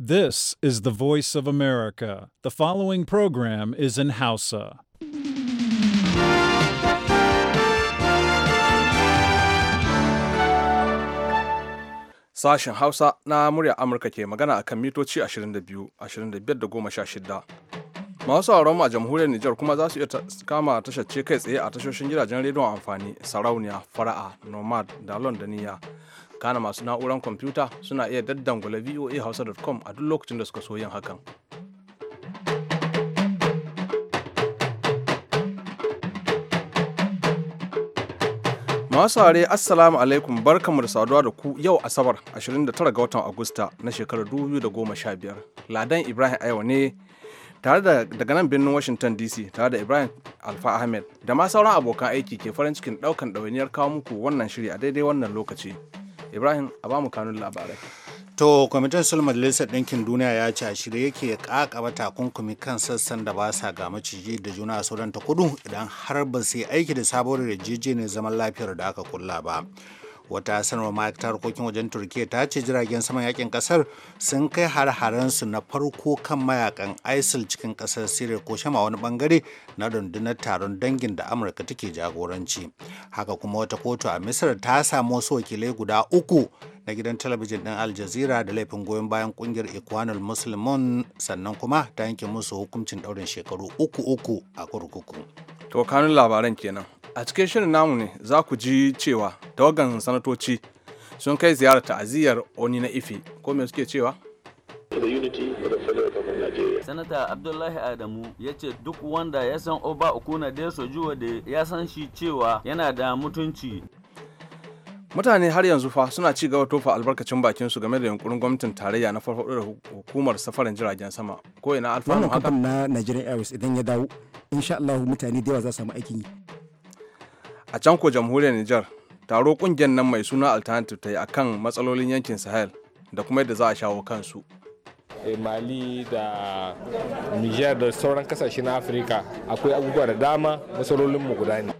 This is the voice of America. The following program is in Hausa. Sashen Hausa na murya Amurka ke magana a kan mitoci 22, 25 da 16. Masu mu a jamhuriyar Nijar kuma za su iya kama tashar kai tsaye a tashoshin gidajen rediyon amfani, sarauniya, fara'a, nomad, dalon da niyya. kana masu na'uran kwamfuta suna iya daddangula voahausa.com a duk lokacin da suka so yin hakan masu assalamu alaikum barkamu da saduwa da ku yau asabar 29 ga watan agusta na shekarar 2015 ladan ibrahim aiwa ne tare da daga nan birnin washington dc tare da ibrahim alfa ahmed da ma sauran abokan aiki ke farin cikin daukan ɗawainiyar kawo muku wannan shiri a daidai wannan lokaci Ibrahim a ba kanun labarai. To, kwamitin sulh majalisar ɗinkin duniya ya ce a shirye yake kakaba takunkumi kan sassan da ba sa ga maciji da juna a Sudan ta kudu idan har ba su yi aiki da sabuwar ne zaman lafiyar da aka kulla ba. wata sanarwar ma'aikatar harkokin wajen turkiya ta ce jiragen saman yakin kasar sun kai har su na farko kan mayakan isil cikin kasar syria ko shama wani bangare na rundunar taron dangin da amurka take jagoranci haka kuma wata kotu a misir ta samu wasu wakilai guda uku na gidan talabijin ɗin Al Jazeera da laifin goyon bayan ƙungiyar Ikwanul Muslimun sannan kuma ta yanke musu hukuncin ɗaurin shekaru uku uku a kurkuku. To kanun labaran kenan. A cikin shirin namu ne za ku ji cewa tawagan sanatoci sun kai ziyarar ta'aziyyar oni na ife ko me suke cewa? Sanata Abdullahi Adamu ya ce duk wanda ya san Oba Okuna Deso Juwa da ya san shi cewa yana da mutunci. mutane har yanzu fa suna ci gaba tofa albarkacin bakin su game da yunkurin gwamnatin tarayya na farfaɗo da hukumar safarin jiragen sama ko ina alfanu haka na Nigerian Airways idan ya dawo insha Allah mutane da yawa za su samu aikin a can ko jamhuriyar Niger taro kungiyar nan mai suna Alternative ta yi akan matsalolin yankin Sahel da kuma yadda za a shawo kansu eh, mali da niger da sauran kasashe na afirka akwai abubuwa da dama matsalolinmu guda ne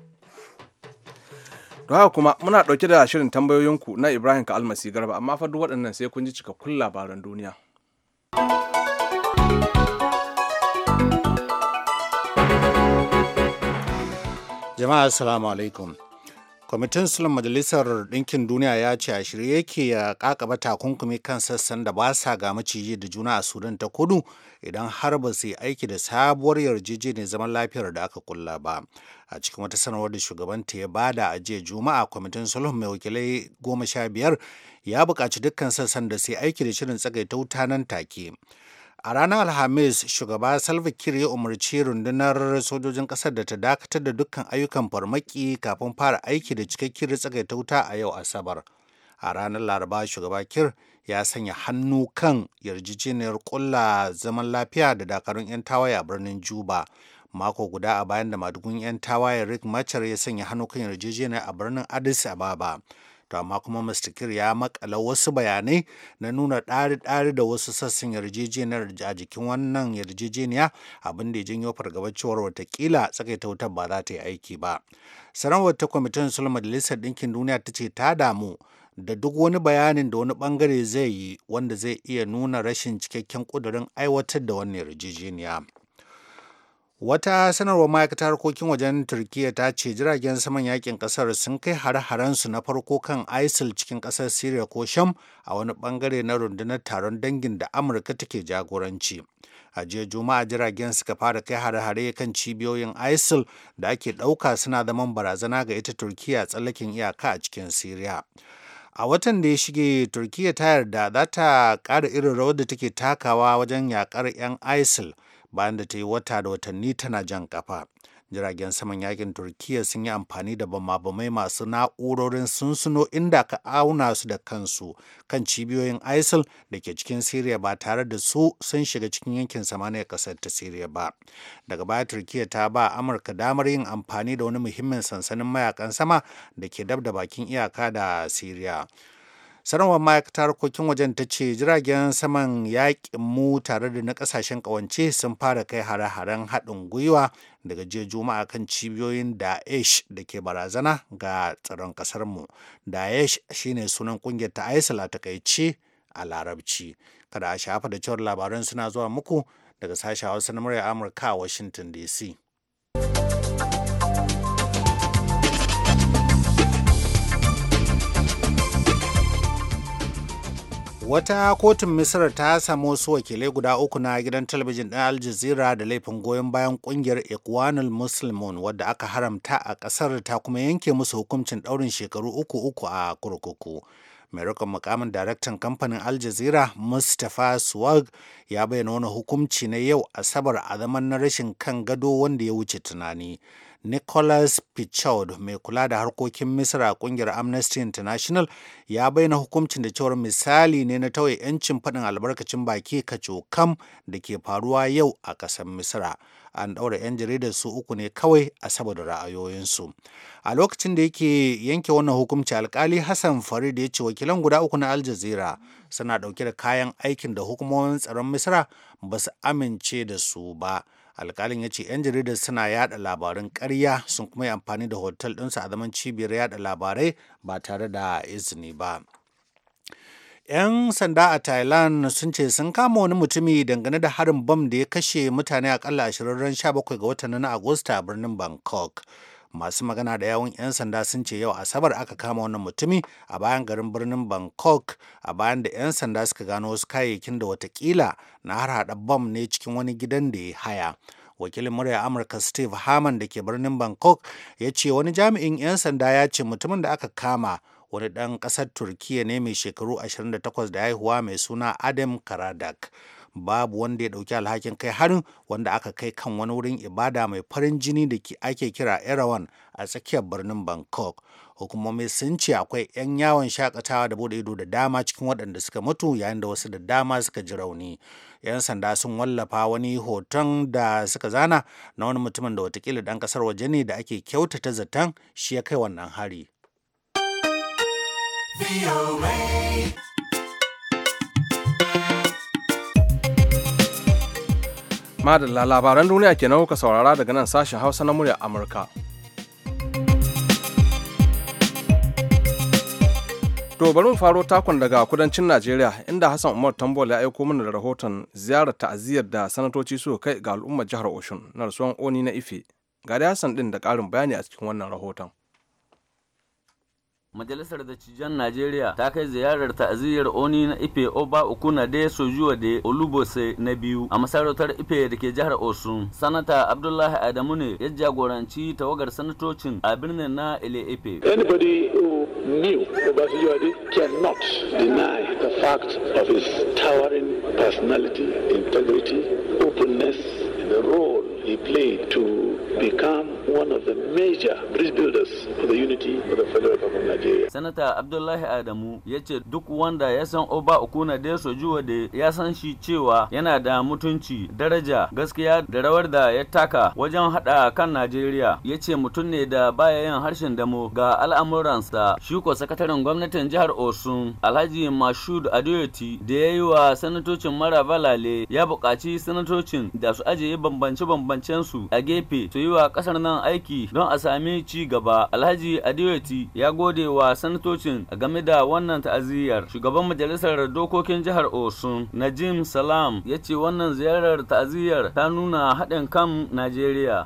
Don haka kuma muna ɗauke da shirin tambayoyinku na Ibrahim ka almasi garba amma fa duk waɗannan sai kun ji cikakkun labaran duniya. Jama'a assalamu alaikum. kwamitin sulhun majalisar ɗinkin duniya ya ce a shirye yake ya kakaba takunkumi kan sassan da ba sa ga maciji da juna a sudan ta kudu idan har ba su yi aiki da sabuwar yarjejeniyar zaman lafiyar da aka kulla ba a cikin wata sanarwar da shugabanta ya bada a jiya juma'a kwamitin sulhun mai wakilai goma sha biyar ya bukaci dukkan sassan da su aiki da shirin tsagaita wuta nan take A ranar Alhamis, shugaba Salva Kiir ya umarci rundunar sojojin ƙasar da ta dakatar da dukkan ayyukan farmaki kafin fara aiki da cikakkiyar ta wuta a yau Asabar. A ranar Laraba, shugaba Kiir ya sanya hannu kan yarjejeniyar ƙulla zaman lafiya da dakarun 'yan tawaye a birnin Juba. Mako guda a bayan da madugun 'yan tawaye Rick Machar ya sanya hannu kan yarjejeniyar a birnin Addis Ababa. to amma kuma mr kir ya makala wasu bayanai na nuna ɗari-ɗari da wasu sassan yarjejeniyar a jikin wannan yarjejeniya abin da ya janyo fargabar cewar watakila tsakaita wutar ba za ta yi aiki ba sanarwar ta kwamitin sulh majalisar ɗinkin duniya ta ce ta damu da duk wani bayanin da wani bangare zai yi wanda zai iya nuna rashin cikakken ƙudurin aiwatar da wannan yarjejeniya Wata sanarwar ma'aikatar harkokin wajen Turkiyya ta ce jiragen saman yakin kasar sun kai hare-harensu na farko kan ISIL cikin kasar Syria ko Sham a wani bangare na rundunar taron dangin da Amurka take jagoranci. A jiya Juma'a jiragen suka fara kai hare-hare kan cibiyoyin ISIL da ake ɗauka suna zaman barazana ga ita Turkiyya tsallakin iyaka a cikin Syria. a watan da ya shige Turkiyya ta yarda za ta ƙara irin rawar da take takawa wajen yakar 'yan isil bayan da ta yi wata da watanni tana jan kafa jiragen saman yakin turkiyya sun yi amfani da bama-bamai masu na'urorin sunsuno inda ka auna su da kansu kan cibiyoyin isil da ke cikin syria ba tare da su sun shiga cikin yankin samaniya kasar ta syria ba daga baya turkiyya ta ba amurka damar yin amfani da wani muhimmin sansanin mayakan sama da ke dab da bakin iyaka da syria sanarwar ma'aikatar harkokin wajen ta ce jiragen saman yaƙin mu tare da na ƙasashen ƙawance sun fara kai hare-haren haɗin gwiwa daga jiya juma'a kan cibiyoyin daesh da ke barazana ga tsaron ƙasar mu daesh shine sunan ƙungiyar ta isil a takaice a larabci kada a shafa da cewar labaran suna zuwa muku daga sashen hausa na murya amurka a washington dc wata kotun misir ta samu wasu wakilai guda uku na gidan talabijin ɗin al da laifin goyon bayan ƙungiyar ikwanul muslimun wadda aka haramta a ƙasar ta kuma yanke musu hukuncin ɗaurin shekaru uku uku a kurkuku mai rikon mukamin daraktan kamfanin al jazeera mustapha swag ya bayyana wani hukunci na yau asabar a zaman na rashin kan gado wanda ya wuce tunani Nicholas Pichaud mai kula da harkokin Misra a kungiyar Amnesty International ya bayyana hukuncin da cewar misali ne na tawaye 'yancin faɗin albarkacin baki kam da ke faruwa yau a ƙasar Misra. An ɗaura 'yan jaridar su uku ne kawai a saboda ra'ayoyinsu. A lokacin da yake yanke wannan hukunci alkali Hassan Farid ya ce wakilan guda uku na Al Jazeera suna ɗauke da kayan aikin da hukumomin tsaron Misra ba su amince da su ba. alkalin ya ce 'yan jaridar suna yada labarin karya sun kuma yi amfani da hotel ɗinsu a zaman cibiyar yada labarai ba tare da izini ba 'yan sanda a thailand sun ce sun kama wani mutumi dangane da harin bam da ya kashe mutane akalla 20 ran 17 ga watan na agusta a birnin bangkok masu magana da yawun 'yan sanda sun ce yau asabar aka kama wannan mutumi a bayan garin birnin bangkok a bayan da 'yan sanda suka gano wasu kayayyakin da watakila na har hada bam ne cikin wani gidan da ya haya wakilin murya amurka steve harman da ke birnin bangkok ya ce wani jami'in 'yan sanda ya ce mutumin da aka kama wani ɗan ƙasar turkiya ne mai shekaru 28 da haihuwa mai suna adam karadak babu wanda ya ɗauki alhakin kai harin wanda aka kai kan wani wurin ibada mai farin jini da ake kira erawan a tsakiyar birnin bangkok hukumomi sun ce akwai 'yan yawon shakatawa da bude ido da dama cikin waɗanda suka mutu yayin da wasu da dama suka ji rauni 'yan sanda sun wallafa wani hoton da suka zana na wani mutumin da watakila dan ƙasar waje ne da ake kyautata zaton shi ya kai wannan hari. Madalla labaran duniya kenan kuka saurara daga nan sashen Hausa na muryar Amurka. To bari mu faro takon daga kudancin Najeriya inda Hassan Umar Tambol ya aiko mana da rahoton ziyarar ta'aziyar da sanatoci suka kai ga al'ummar jihar Oshun na rasuwan Oni na Ife. Ga Hassan din da ƙarin bayani a cikin wannan rahoton. Majalisar Dattijan Najeriya ta kai ziyarar ta'aziyyar Oni na Ife Oba Okuna de Sojuwa de Olubose na biyu a masarautar Ife da ke jihar Osun. Sanata Abdullahi Adamu ne ya jagoranci tawagar sanatocin a birnin na Ile Ife. Anybody who knew Obasanjo cannot deny the fact of his towering personality, integrity, openness, and the role he played to become one of the major bridge builders for the unity of the federal government of Nigeria. Sanata Abdullahi Adamu ya ce duk wanda ya san Oba Okuna da Sojuwa da ya san shi cewa yana da mutunci, daraja, gaskiya da rawar da ya taka wajen haɗa kan Najeriya. Ya ce mutum ne da baya yin harshen damo ga al'amuransa. Shi ko sakataren gwamnatin jihar Osun Alhaji Mashud Adoyoti da ya yi wa sanatocin Mara Balale ya buƙaci sanatocin da su ajiye bambance-bambancensu a gefe su yi yi wa ƙasar nan aiki don a sami ci gaba. Alhaji Adiyoti ya gode wa sanatocin game da wannan ta'aziyar. Shugaban majalisar dokokin jihar Osun Najim Salam ya ce wannan ziyarar ta'aziyar ta nuna haɗin kan Najeriya.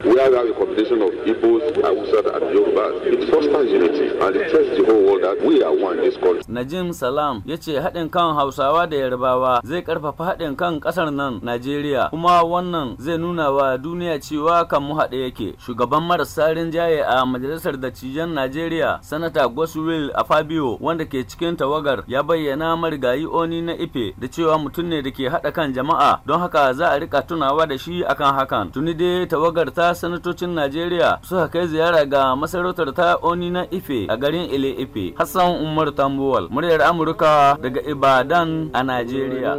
representation of Igbos, Hausa, and Yoruba, it fosters unity and it tells the whole world that we are one this country. Najim Salam ya ce haɗin kan Hausawa da Yarbawa zai ƙarfafa haɗin kan ƙasar nan Najeriya kuma wannan zai nuna wa duniya cewa kan mu haɗe yake. Shugaban marasa rinjaye a majalisar dattijan Najeriya Sanata Goswill Afabio wanda ke cikin tawagar ya bayyana marigayi Oni na Ife da cewa mutum ne da ke haɗa kan jama'a don haka za a rika tunawa da shi akan hakan. Tuni dai tawagar ta sanatocin Najeriya suka kai ziyara ga masarautar ta Oni na Ife a garin Ile Ife. Hassan Umar Tambuwal, muryar Amurka daga Ibadan a Najeriya.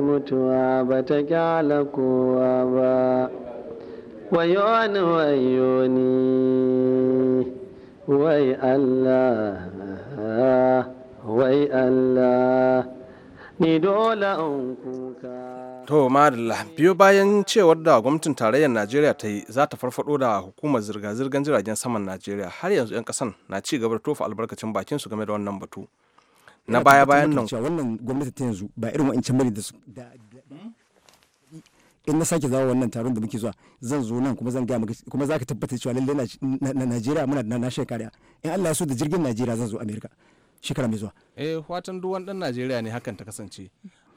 mutuwa ba ta kyala kowa ba. Wayoni wayoni, wai Allah, wai Allah, ni dole in kuka. To madalla biyo bayan cewar da gwamnatin tarayyar Najeriya ta yi za ta farfado da hukumar zirga-zirgar jiragen saman Najeriya har yanzu 'yan kasan na ci gaba da tofa albarkacin bakin su game da wannan batu. Na baya bayan nan. Wannan gwamnati ta yanzu ba irin wa'ancan bane da su. In na sake zawo wannan taron da muke zuwa zan zo nan kuma zan ga maka kuma zaka tabbata cewa lalle na Najeriya muna da na kariya In Allah ya so da jirgin Najeriya zan zo Amerika shekara mai zuwa. Eh watan duwan dan Najeriya ne hakan ta kasance.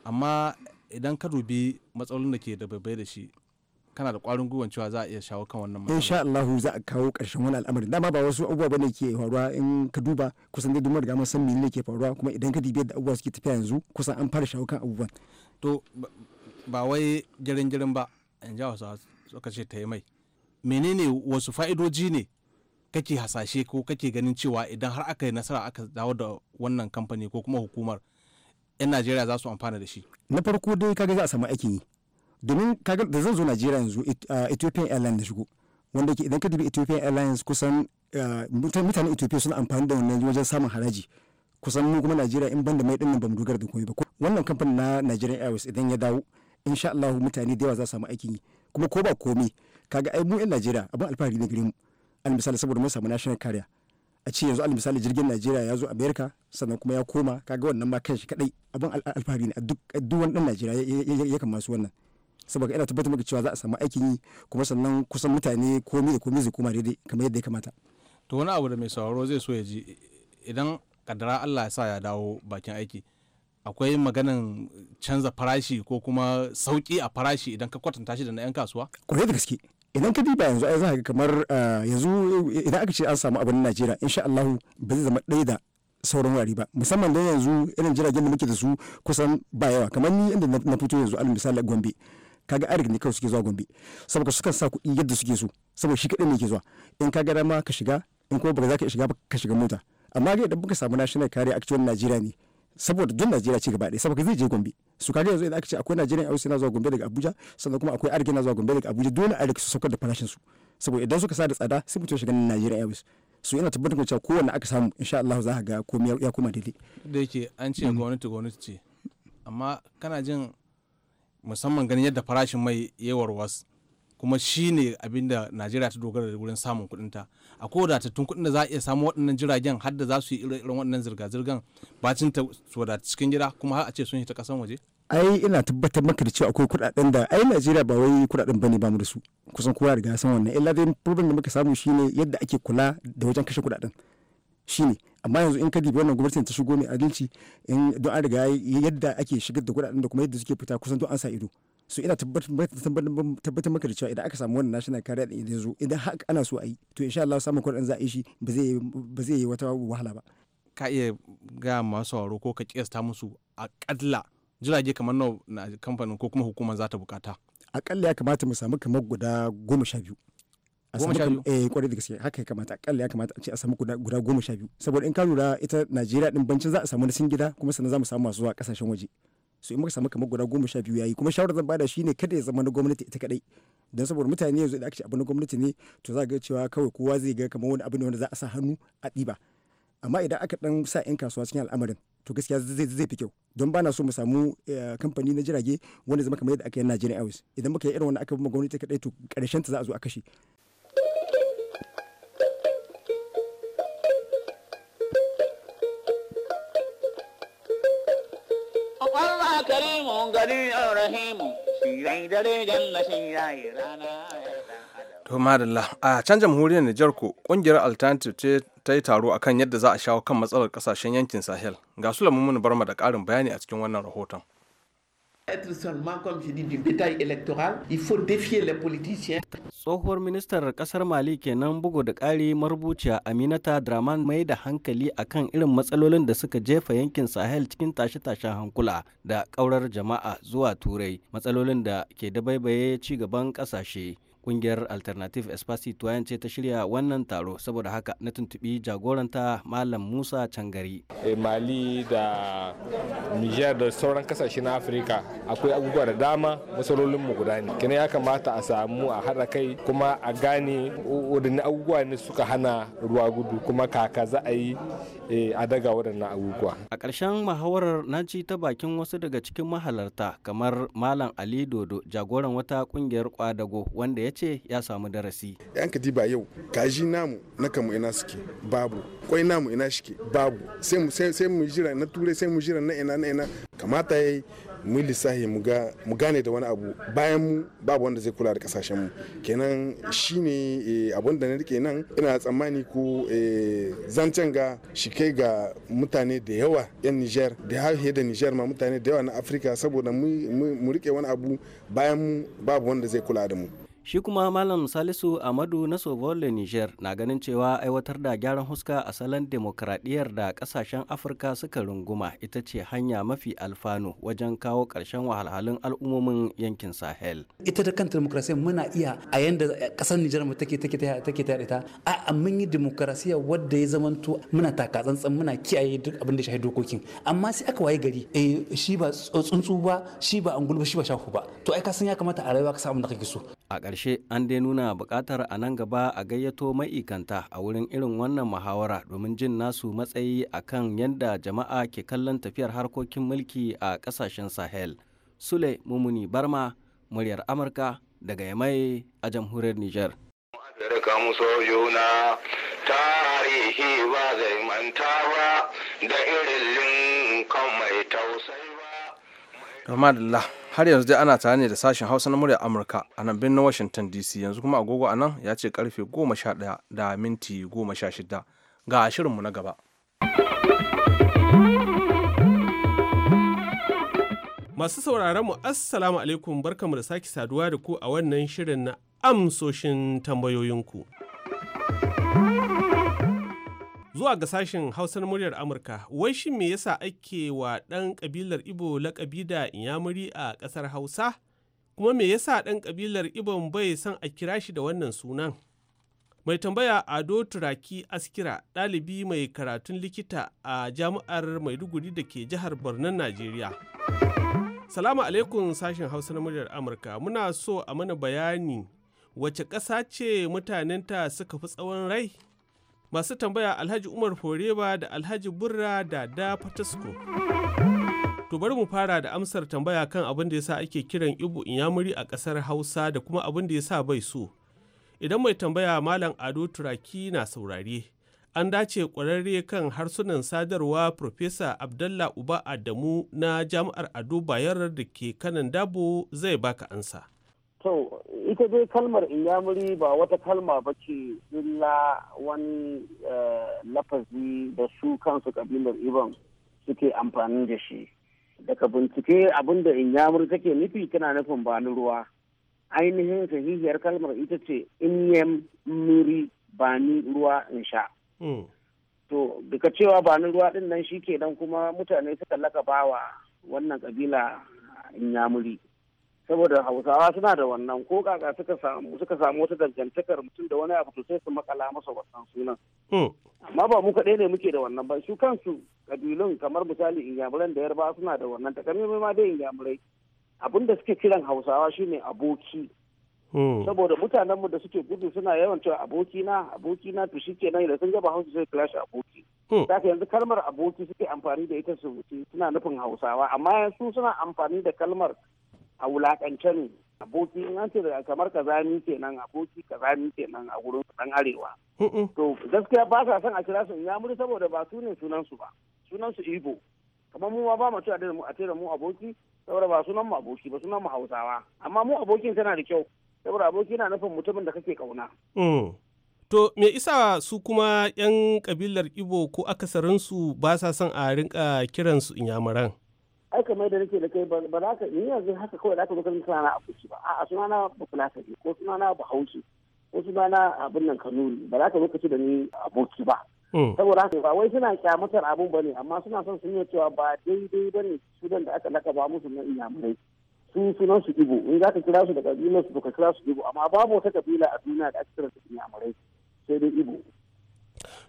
amma idan ka dubi matsalolin da ke da babbai da shi kana da kwarin gwiwan cewa za a iya shawo kan wannan matsalolin insha Allah za a kawo karshen wani al'amari dama ba wasu abubuwa bane ke faruwa in ka duba kusan dai duk riga ma san menene ke faruwa kuma idan ka dibi da abubuwa suke tafiya yanzu kusan an fara shawo kan abubuwan to ba wai girin girin ba in ja wasu suka ce ta yi mai menene wasu fa'idoji ne kake hasashe ko kake ganin cewa idan har aka yi nasara aka dawo da wannan kamfani ko kuma hukumar 'yan najeriya za su amfana da shi na farko dai kaga za a samu aikin yi domin kaga da zan zo najeriya yanzu ah, ethiopian airlines da shigo wanda ke idan ka tafi ethiopian airlines kusan ah, mutanen ethiopia suna amfani da wannan wajen samun haraji kusan mu kuma najeriya in banda mai dinnan bamu dogara da komai ba wannan kamfanin na nigerian airways idan ya dawo insha allahu mutane da yawa za su samu aikin yi kuma ko ba komai kaga ai mu yan najeriya abin alfahari ne gare mu al misali saboda mun samu national carrier a ce yanzu alal misali jirgin najeriya ya zo america sannan kuma ya koma ka ga wannan ma kanshi kadai abin alfahari ne duk wani dan najeriya ya kama su wannan saboda ina tabbatar maka cewa za a samu aikin yi kuma sannan kusan mutane komi da komi zai koma daidai kamar yadda ya kamata to wani abu da mai sauraro zai so ya ji idan kadara allah ya sa ya dawo bakin aiki akwai maganan canza farashi ko kuma sauki a farashi idan ka kwatanta shi da na 'yan kasuwa kwarai da gaske idan ka diba yanzu ai za ka kamar ah, yanzu idan aka ce an samu abin Najeriya insha Allah ba zai zama ɗaya da sauran wurare ba musamman da yanzu irin jiragen da muke da su kusan ba yawa kamar ni inda na fito yanzu alal misali Gombe kaga arik ne kawai suke zuwa Gombe saboda suka sa kuɗi yadda suke so saboda shi kaɗai ne ke zuwa in ka ga ma ka shiga in kuma ba za ka shiga ba ka shiga mota amma ga idan muka samu national kare a cikin Najeriya ne saboda duk najeriya ci gaba ɗaya saboda zai je gombe su kaji yanzu idan aka ce akwai najeriya yawon suna zuwa gombe daga abuja sannan kuma akwai arziki na zuwa gombe daga abuja dole a su saukar da farashin su saboda idan suka sa da tsada sai mutum shiga najeriya yawon su yana tabbatar da cewa kowanne aka samu insha Allah za ka ga komai ya koma daidai da yake an ce mm. gwamnati gwamnati ce amma kana jin musamman ganin yadda farashin mai yawar wasu kuma shi ne abin da najeriya ta dogara da wurin samun kuɗinta a ko wadatattun kuɗin da za a iya samu waɗannan jiragen har da za su yi irin waɗannan zirga-zirgan bacin ta wadata cikin gida kuma har a ce sun yi ta ƙasan waje ai ina tabbatar maka da cewa akwai kuɗaɗen da ai Najeriya ba wai kuɗaɗen bane ba mu da su kusan kowa riga ya san wannan illa dai problem da muka samu shine yadda ake kula da wajen kashe kuɗaɗen shine amma yanzu in ka dibi wannan gwamnatin ta shigo mai adalci in don an riga yadda ake shigar da kuɗaɗen da kuma yadda suke fita kusan don an sa ido so ina tabbatar maka da cewa idan aka samu wannan national career din idan zo idan har ana so a yi to insha Allah samun kuɗin za a yi shi ba zai yi wata wahala ba ka iya ga masu waro ko ka kiyasta musu a kalla jirage kamar na kamfanin ko kuma hukumar za ta bukata kalla ya kamata mu samu kamar guda goma sha biyu goma sha biyu eh kwarai da gaske haka ya kamata akalla ya kamata a ce a samu guda goma sha biyu saboda in ka lura ita Najeriya din bancin za a samu na gida kuma sannan za mu samu masu zuwa kasashen waje su in muka samu kamar guda goma sha biyu yayi kuma shawarar zan bada shine kada ya zama na gwamnati ita kadai don saboda mutane yanzu idan aka ce abu na gwamnati ne to za ga cewa kawai kowa zai ga kamar wani abu ne wanda za a sa hannu a ɗiba amma idan aka dan sa 'yan kasuwa cikin al'amarin to gaskiya zai zai fi kyau don bana so mu samu eh, kamfani na jirage wanda zama kamar yadda aka yi Nigeria Airways idan muka yi irin wanda aka bi gwamnati kadai to karshen ta za a zo a kashe karimu to madalla a can jamhuriyar Nijar ko kungiyar alternative ce ta yi taro akan yadda za a shawo kan matsalar kasashen yankin Sahel ga su lamun barma da karin bayani a cikin wannan rahoton être seulement, comme je dis, du bétail électoral. Il faut défier les politiciens. tsohuwar ministar kasar mali kenan bugu da ƙari marubuciya aminata draman mai da hankali akan irin matsalolin da suka jefa yankin sahel cikin tashe-tashen hankula da ƙaurar jama'a zuwa turai matsalolin da ke da baibaye ci gaban ƙasashe Kungiyar Alternative Espace Citoyen ce ta shirya wannan taro saboda haka na tuntubi jagoranta Malam Musa Cangari. Eh, Mali da Niger da sauran kasashe na Afirka akwai abubuwa da dama matsalolin mu guda ne. Kina ya kamata a samu a hada kai kuma a gane wadanne abubuwa ne suka hana ruwa gudu kuma kaka za a yi eh, a daga waɗannan abubuwa. A ƙarshen muhawarar na ci ta bakin wasu daga cikin mahalarta kamar Malam Ali Dodo jagoran wata kungiyar kwadago wanda ya ce ya samu darasi yan katiba yau kaji namu na kamu ina suke babu kwai namu ina shike babu sai mu jira na turai sai mu jira na ina na ina kamata yayi mu lissahi mu gane da wani abu bayan mu babu wanda zai kula da kasashen mu kenan shine eh, abun da na rike nan ina tsammani ko eh, zancen ga shi kai ga mutane da yawa yan Niger da haihe da Niger ma mutane da yawa na Afirka saboda mu rike wani abu bayan mu babu wanda zai kula da mu Shi kuma Malam Salisu Amadu na Sovolle Niger na ganin cewa aiwatar da gyaran huska a salon demokradiyyar da kasashen Afirka suka runguma ita ce hanya mafi alfanu wajen kawo karshen wahalhalun al'ummomin yankin Sahel. Ita da kanta demokrasiyya muna iya a yanda kasar Nijar mu take take take tare ta a mun yi demokrasiyya wadda ya zamanto muna taka tsantsan muna kiyaye duk abin da shi dokokin amma sai aka waye gari eh shi ba tsuntsu ba shi ba angulu ba shi ba shahu ba to ai ka san ya kamata a rayuwa ka samu da kake so. A ƙarshe an dai nuna buƙatar a nan gaba a gayyato ma'ikanta a wurin irin wannan muhawara domin jin nasu matsayi a kan yadda jama'a ke kallon tafiyar harkokin mulki a ƙasashen sahel sule mumuni barma muryar amurka daga yamai a jamhuriyar niger tarihi ba zai da irin mai tausayi har yanzu dai ana tare ne da sashen hausa na murya amurka a nan birnin washington dc yanzu kuma agogo a nan ya ce karfe 11 da minti 16 ga mu na gaba masu sauraron mu assalamu alaikum barkamu da sake saduwa da ku a wannan shirin na amsoshin tambayoyinku zuwa ga sashen hausar muryar amurka wai shin me yasa ake wa ɗan ƙabilar ibo laƙabi da inyamuri a ƙasar hausa kuma me yasa ɗan ƙabilar ibon bai san a kira shi da wannan sunan mai tambaya ado turaki askira ɗalibi mai karatun likita a jami'ar maiduguri da ke jihar bornon najeriya salamu alaikum sashen hausa muryar amurka muna so a mana bayani wace ƙasa ce mutanenta suka fi tsawon rai masu tambaya alhaji umar foreba da alhaji burra da da fatasko to bari mu fara da amsar tambaya kan abin da yasa ake kiran ibo inyamuri a kasar hausa da kuma abin da yasa bai so idan mai tambaya malam ado turaki na saurare an dace kwararre kan harsunan sadarwa Profesa Abdallah Uba Adamu na Jami'ar Ado Bayar da ke kanan dabo zai baka ansa. To, ita dai kalmar inyamuri ba wata kalma ba ce illa wani eh, lafazi da su kansu kabilar Ibon suke amfani da shi. Daga bincike abinda inyamuri take nufi tana nufin bani ruwa. Ainihin sahihiyar kalmar ita ce inyam muri ba ni ruwa in sha. Hmm. To, duka cewa bani ni ruwa din nan shi kenan kuma mutane suka laka bawa wannan kabila inyamuri. saboda hausawa suna da wannan ko kaka suka samu wata dangantakar mutum da wani abu to sai su makala masa wannan sunan amma ba mu kaɗai ne muke da wannan ba su kansu kabilun kamar misali inyamuran da yarba suna da wannan takamaiman ma dai inyamurai abin da suke kiran hausawa shine aboki saboda mu da suke gudu suna yawan cewa aboki na aboki na to nan idan sun ga hausa sai kira shi aboki ka yanzu kalmar aboki suke amfani da ita su suna nufin hausawa amma su suna amfani da kalmar a wulakance ne aboki in an ce kamar kazani kenan aboki kazani kenan a gurin dan arewa to gaskiya ba sa son a kira su muri saboda ba su ne sunan su ba sunan su ibo kamar mu ma ba mu cewa da mu a mu aboki saboda ba sunan mu aboki ba sunan mu hausawa amma mu abokin tana da kyau saboda aboki na nufin mutumin da kake kauna mm. To me isa su kuma 'yan kabilar Ibo ko akasarinsu ba sa son a rinka kiransu inyamuran? ai kamar da nake da kai ba za ka ni yanzu haka kawai za ka zo kan na a kuci ba a'a sunana ba fulatani ko sunana ba haushi ko sunana abin nan kanuri ba za ka zo ci da ni aboki ba hmm. saboda haka ba wai suna kyamatar abun ba ne amma suna son sun cewa ba daidai ba ne sudan da aka lakaba musu na iyamurai su sunan su ibo in za ka kira su da kabilar su ka kira su ibo amma babu wata kabila a duniya da aka kira su iyamurai sai dai ibo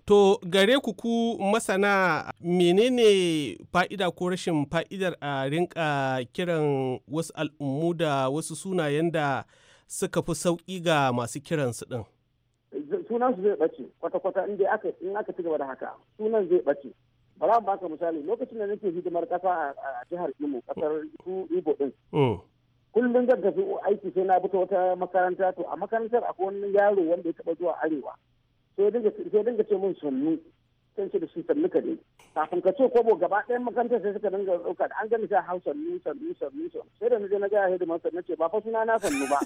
To gare ku ku masana menene fa'ida ko rashin fa'idar a rinka kiran wasu al'ummu da wasu sunayen da suka fi sauƙi ga masu kiransu ɗin? Sunan su zai ɓace kwata-kwata in aka in aka ci gaba da haka sunan zai ɓace. Ba za baka misali lokacin da nake hidimar ƙasa a jihar Imo ƙasar Ibo ɗin. Mm. Kullum zan tafi aiki sai na bi wata makaranta to a makarantar akwai wani yaro wanda ya taɓa zuwa arewa. sai dinga ce mun sannu sun ce da su sannu ka ne kafin ka ce kobo gaba ɗayan makarantar sai suka dinga ɗauka an gani sai hau sannu sannu sannu sai da naje na gaya hidin masa sannu ce ba fa suna na sannu ba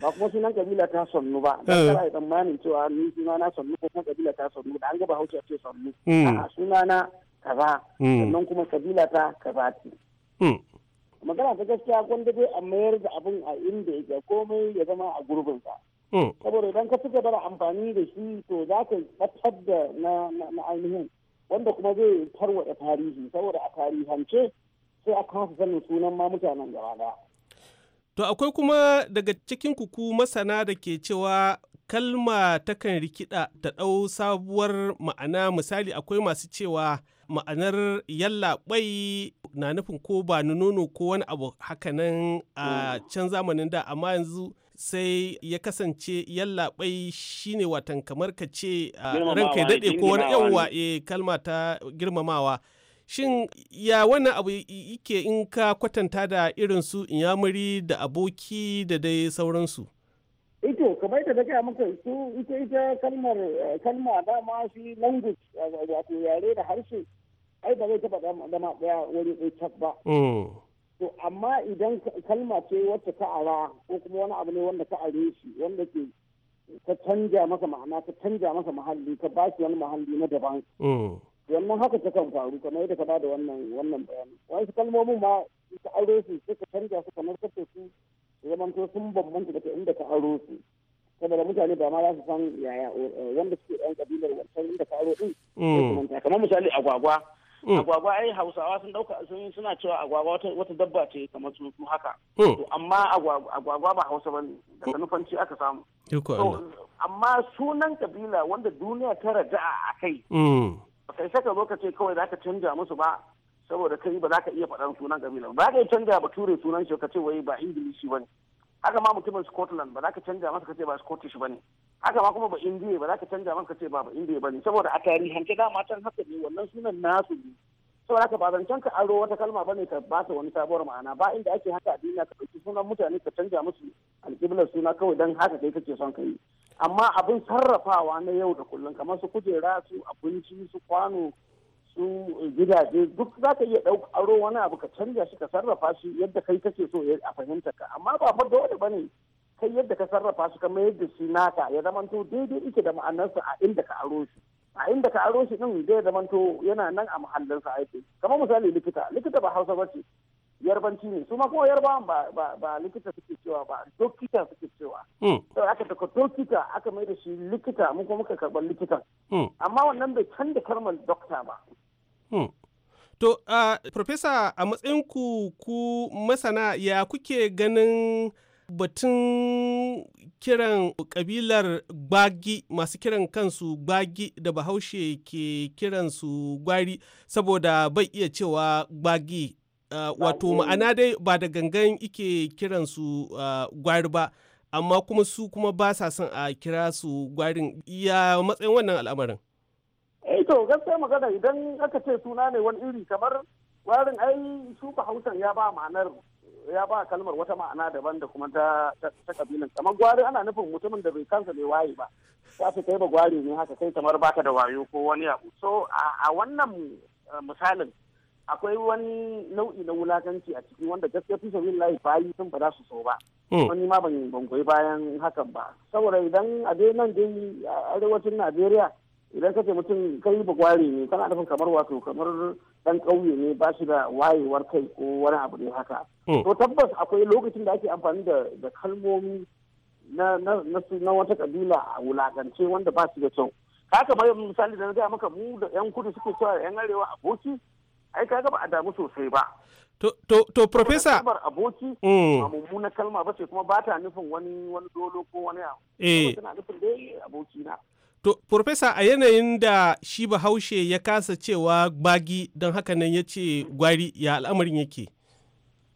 ba kuma sunan kabila ta sannu ba da kara eh. yi tsammanin cewa ni suna na sannu ko kuma kabila ta sannu da an gaba hausa ce sannu hmm. a suna na kaza hmm. sannan kuma kabila ta kaza ce hmm. magana ta gaskiya gwanda dai a mayar da abin a inda yake komai ya zama a gurbinsa Mm. saboda idan ka fita gaba da amfani da shi to za ka ɓatar da na ainihin wanda kuma zai tarwaɗa tarihi saboda a tarihance sai a kasa sanin sunan ma mutanen gaba daya. To akwai kuma daga cikin kuku masana da ke cewa kalma takan rikida ta ɗau sabuwar ma'ana misali akwai masu cewa ma'anar yallaɓai na nufin ko ba nono ko wani abu hakanan a mm. can zamanin da amma yanzu sai ya kasance yallaɓai shine watan kamar ka ce a ranka ya daɗe ko wani yawwa eh, kalma ta girmamawa shin ya wannan abu yake in ka kwatanta da irin su inyamuri da aboki da dai sauransu ito eh kamar da gaya maka su ita ita kalmar eh, kalma dama shi language wato yare da harshe ai ba zai taba ma ɗaya wani ɗaya ba mm. To amma idan kalma ce wacce ka ara ko kuma wani abu ne wanda ka are shi wanda ke ka canja masa ma'ana ka canja masa muhalli ka ba shi wani muhalli na daban. Mm. Wannan haka ta kan faru kamar yadda ka ba da wannan wannan bayani. Wasu kalmomin ma ka aro su sai ka canja su kamar ta su zaman to sun bambanta daga inda ka aro su. saboda mutane ba ma za su san yaya eh, wanda suke yan kabilar wancan inda ka aro din. Mm. Kamar misali agwagwa. Mm. agwagwa ai hausawa sun dauka sun suna cewa agwagwa wata dabba ce kamar tsuntsu haka mm. to amma agwagwa ba hausa bane daga mm. nufanci aka samu amma sunan kabila wanda duniya ta raja a kai ba kai saka zo kawai za ka canja musu ba saboda kai ba za ka iya faɗan sunan kabila ba za ka canja ba ture sunan shi ka ce wai ba ingilishi ba ne haka ma mutumin scotland ba za ka canja masa kace ba scottish ba ne haka ma kuma ba indiya ba za ka canja masa kace ba ba indiya bane saboda a tarihance dama can haka ne wannan sunan nasu ne saboda haka ba zan ka aro wata kalma bane ka ba ta wani sabuwar ma'ana ba inda ake haka a duniya ka dauki sunan mutane ka canja musu alƙiblar suna kawai dan haka kai kake son ka amma abin sarrafawa na yau da kullum kamar su kujera su abinci su kwano su gidaje duk za ka iya ɗauka aro wani abu ka canja shi ka sarrafa shi yadda kai kake so a fahimta ka amma ba fa dole ba ne kai yadda ka sarrafa shi ka mayar da shi naka ya zamanto daidai ike da ma'anarsa a inda ka aro shi a inda ka aro shi din zai zama zamanto yana nan a muhallinsa aiki kamar misali likita likita ba hausa ba ce yarbanci ne su ma kuma yarbawan ba likita suke cewa ba dokita suke cewa to hmm. aka taka dokita aka mai da shi likita mu kuma muka karɓar likitan hmm. amma wannan bai canza kalmar dokta ba hmm. To, uh, Profesa, a matsayinku ku masana ya kuke ganin batun kiran kabilar gbagi masu kiran kansu gbagi da bahaushe ke kiransu gwari saboda bai iya cewa gbagi wato ma'ana dai ba da gangan ike kiransu su gwari ba amma kuma su kuma ba sa son a kira su gwarin ya matsayin wannan al'amarin. Eh to gaskiya magana idan aka ce suna ne wani iri kamar gwarin ai shuka hausan ya ba ma'anar ya ba kalmar wata ma'ana daban da kuma ta kabilin kabilan kamar gwari ana nufin mutumin da bai kansa bai waye ba ya fi kai ba gwari ne haka kai kamar baka da wayo ko wani abu so a wannan eh, misalin akwai wani nau'i na wulakanci a ciki wanda gaskiya fi sabi layi bayi sun ba za su so ba hmm. wani ma ban goyi bayan hakan ba saboda idan a dai nan dai arewacin najeriya idan ka ce mutum kai ba gware ne kana nufin kamar wato kamar dan kauye ne ba shi da wayewar kai ko wani abu ne haka hmm. to tabbas akwai lokacin da ake amfani da da kalmomi na na na wata kabila a wulakance wanda ba su da kyau haka bayan misali da na gaya maka mu da yan kudu suke cewa yan arewa aboki ai ka ba a damu sosai ba to to to professor kalmar aboki mm. ba mummuna kalma ba ce kuma ba ta nufin wani wani dolo ko wani abu eh tana nufin dai aboki na To, professor a yanayin da shi bahaushe ya kasa cewa gbagi don haka nan ya ce gwari ya al'amarin yake.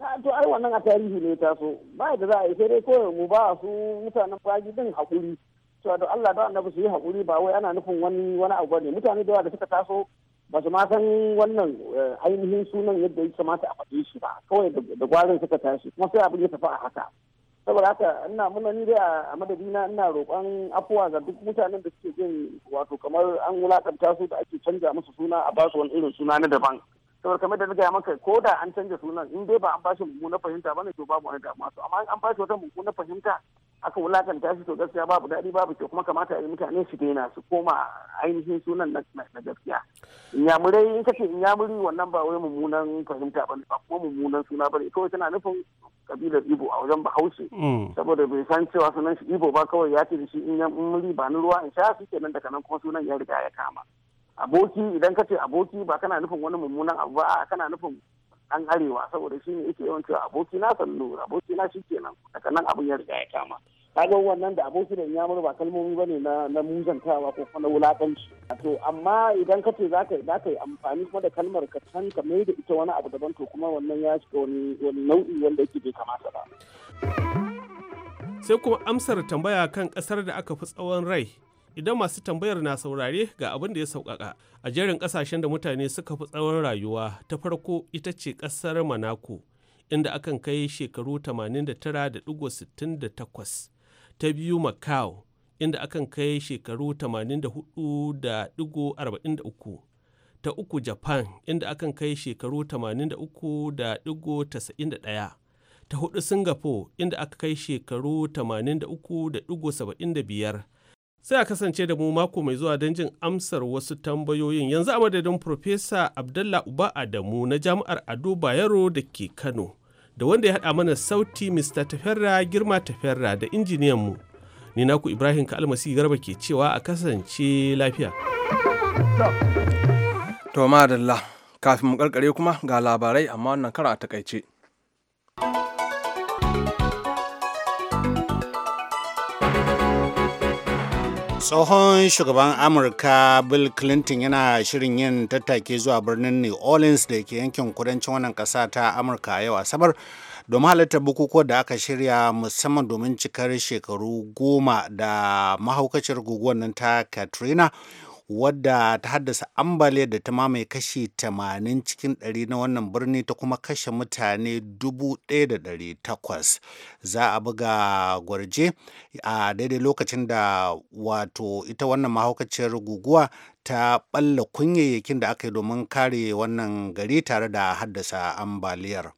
Ah, to, ai wannan a tarihi ne taso, ba da za a yi sai dai kawai mu ba su mutanen gbagi din hakuri Cewa da Allah da annabi su yi hakuri ba wai ana nufin wani wani abu ne. Mutane da yawa da suka taso ba su ma san wannan eh, ainihin sunan yadda ya kamata a faɗe shi ba kawai da gwarin suka tashi kuma sai abin ya tafi a haka saboda haka ina muna ni dai a madadina ina roƙon afuwa ga duk mutanen da suke jin wato kamar an wulakanta su da ake canja musu suna a basu wani irin suna na daban saboda kamar da na gaya maka ko da an canza sunan in dai ba an bashi mummunar fahimta bane to babu wani damuwa to amma in an bashi wata mummunar fahimta aka wulakanta shi to gaskiya babu daɗi babu kyau kuma kamata a yi mutane su daina su koma ainihin sunan na gaskiya yamurai in kace inyamuri wannan ba wai mummunan fahimta ba ba kuma mummunan suna ba ne kawai tana nufin kabilar ibo a wajen bahaushe mm. saboda bai san cewa sunan shi ibo ba kawai ya ce da shi in yan muri ba ni ruwa in sha su kenan daga nan kuma sunan ya riga ya kama aboki idan ka ce aboki ba kana nufin wani mummunan abu ba kana nufin an arewa saboda shi ne yake yawan cewa aboki na sallo aboki na shi kenan daga nan abin ya riga ya kama kaga wannan da aboki da yamuru ba kalmomi ba ne na mujantawa ko kuma na wulakanci to amma idan ka ce zaka zaka yi amfani kuma da kalmar ka can ka mai da ita wani abu daban to kuma wannan ya shiga wani wani nau'i wanda yake bai kamata ba sai kuma amsar tambaya kan kasar da aka fi tsawon rai idan masu tambayar na saurare ga abin da ya sauƙaƙa a jerin ƙasashen da mutane suka fi tsawon rayuwa ta farko ita ce ƙasar manako inda akan kai shekaru 89.68 ta biyu macau inda akan kai shekaru 84.43 ta uku japan inda akan kai shekaru 83.91 ta hudu singapore inda aka kai shekaru 83.75 sai a kasance da mu mako mai zuwa don jin amsar wasu tambayoyin yanzu a madadin Profesa Abdallah Uba Adamu na Jami'ar Ado Bayero da ke Kano da wanda ya haɗa mana sauti Mr. Tafera Girma Tafera da injiniyan mu. Ni naku Ibrahim Kalmasi Garba ke cewa a kasance lafiya. To madalla kafin mu karkare kuma ga labarai amma wannan kara a takaice. tsohon shugaban amurka bill clinton yana shirin yin tattaki zuwa birnin new orleans da ke yankin kudancin wannan kasa ta amurka a yau asabar domin halartar bukukuwa da aka shirya musamman domin cikar shekaru goma da mahaukacin guguwar nan ta katrina wadda ta haddasa ambaliyar da ta mamaye kashi 80 cikin 100 na wannan birni ta kuma kashe mutane 1,800 za a buga gwarje a daidai lokacin da wato ita wannan mahaukaciyar guguwa ta balla kunyayyakin da aka yi domin kare wannan gari tare da haddasa ambaliyar.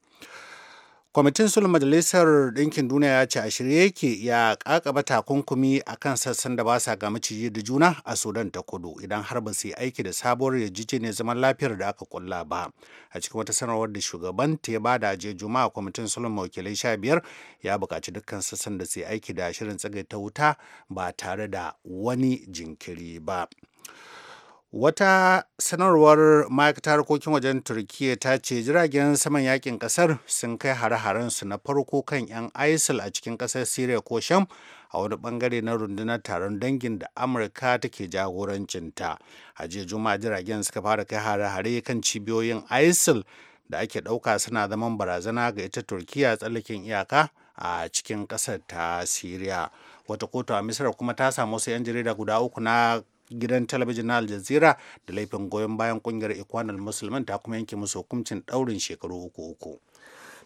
kwamitin sulh majalisar ɗinkin duniya ya ce a shirye yake ya kakaba takunkumi a kan sassan da ba sa ga maciji da juna a sudan ta kudu idan har ba su yi aiki da sabuwar yarjejeniyar zaman lafiyar da aka kulla ba a cikin wata sanarwar da shugaban ta ya bada je juma'a kwamitin sulh mawakilai sha biyar ya buƙaci dukkan sassan da su yi aiki da shirin tsagaita wuta ba tare da wani jinkiri ba. Wata sanarwar ma'aikatar harkokin wajen Turkiyya ta ce jiragen saman yakin kasar sun kai hare-harensu na farko kan 'yan ISIL a cikin kasar Syria ko Sham a wani bangare na rundunar taron dangin da Amurka take jagorancinta. A jiya Juma'a jiragen suka fara kai hare-hare kan cibiyoyin ISIL da ake ɗauka suna zaman barazana ga ita Turkiyya tsallakin iyaka a cikin kasar ta Syria. Wata kotu a Misira kuma ta samu wasu 'yan jarida guda uku na gidan talabijin na aljazira da laifin goyon bayan kungiyar Ikwanul Musulman ta kuma yanke musu hukuncin daurin shekaru uku uku.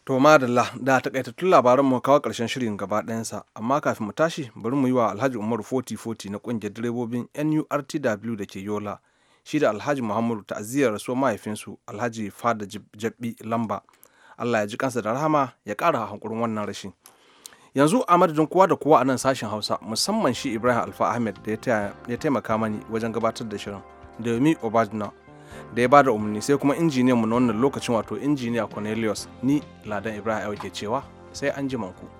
To madalla da takaitattun labaran mu kawo karshen shirin gaba ɗayansa amma kafin mu tashi bari mu yi wa Alhaji Umaru 4040 na kungiyar direbobin NURTW da ke Yola shi da Alhaji Muhammadu ta'aziyar rasuwar mahaifinsu Alhaji Fada Jabbi Lamba. Allah ya ji kansa da rahama ya ƙara hankurin wannan rashin. yanzu a madadin kowa da kowa a nan sashen hausa musamman shi ibrahim alfa ahmed da ya taimaka mani wajen gabatar da shirin da yomi obadna da ya ba da umarni sai kuma injiniyan mu na wannan lokacin wato injiniya cornelius ni ladan ibrahim ke cewa sai an ku.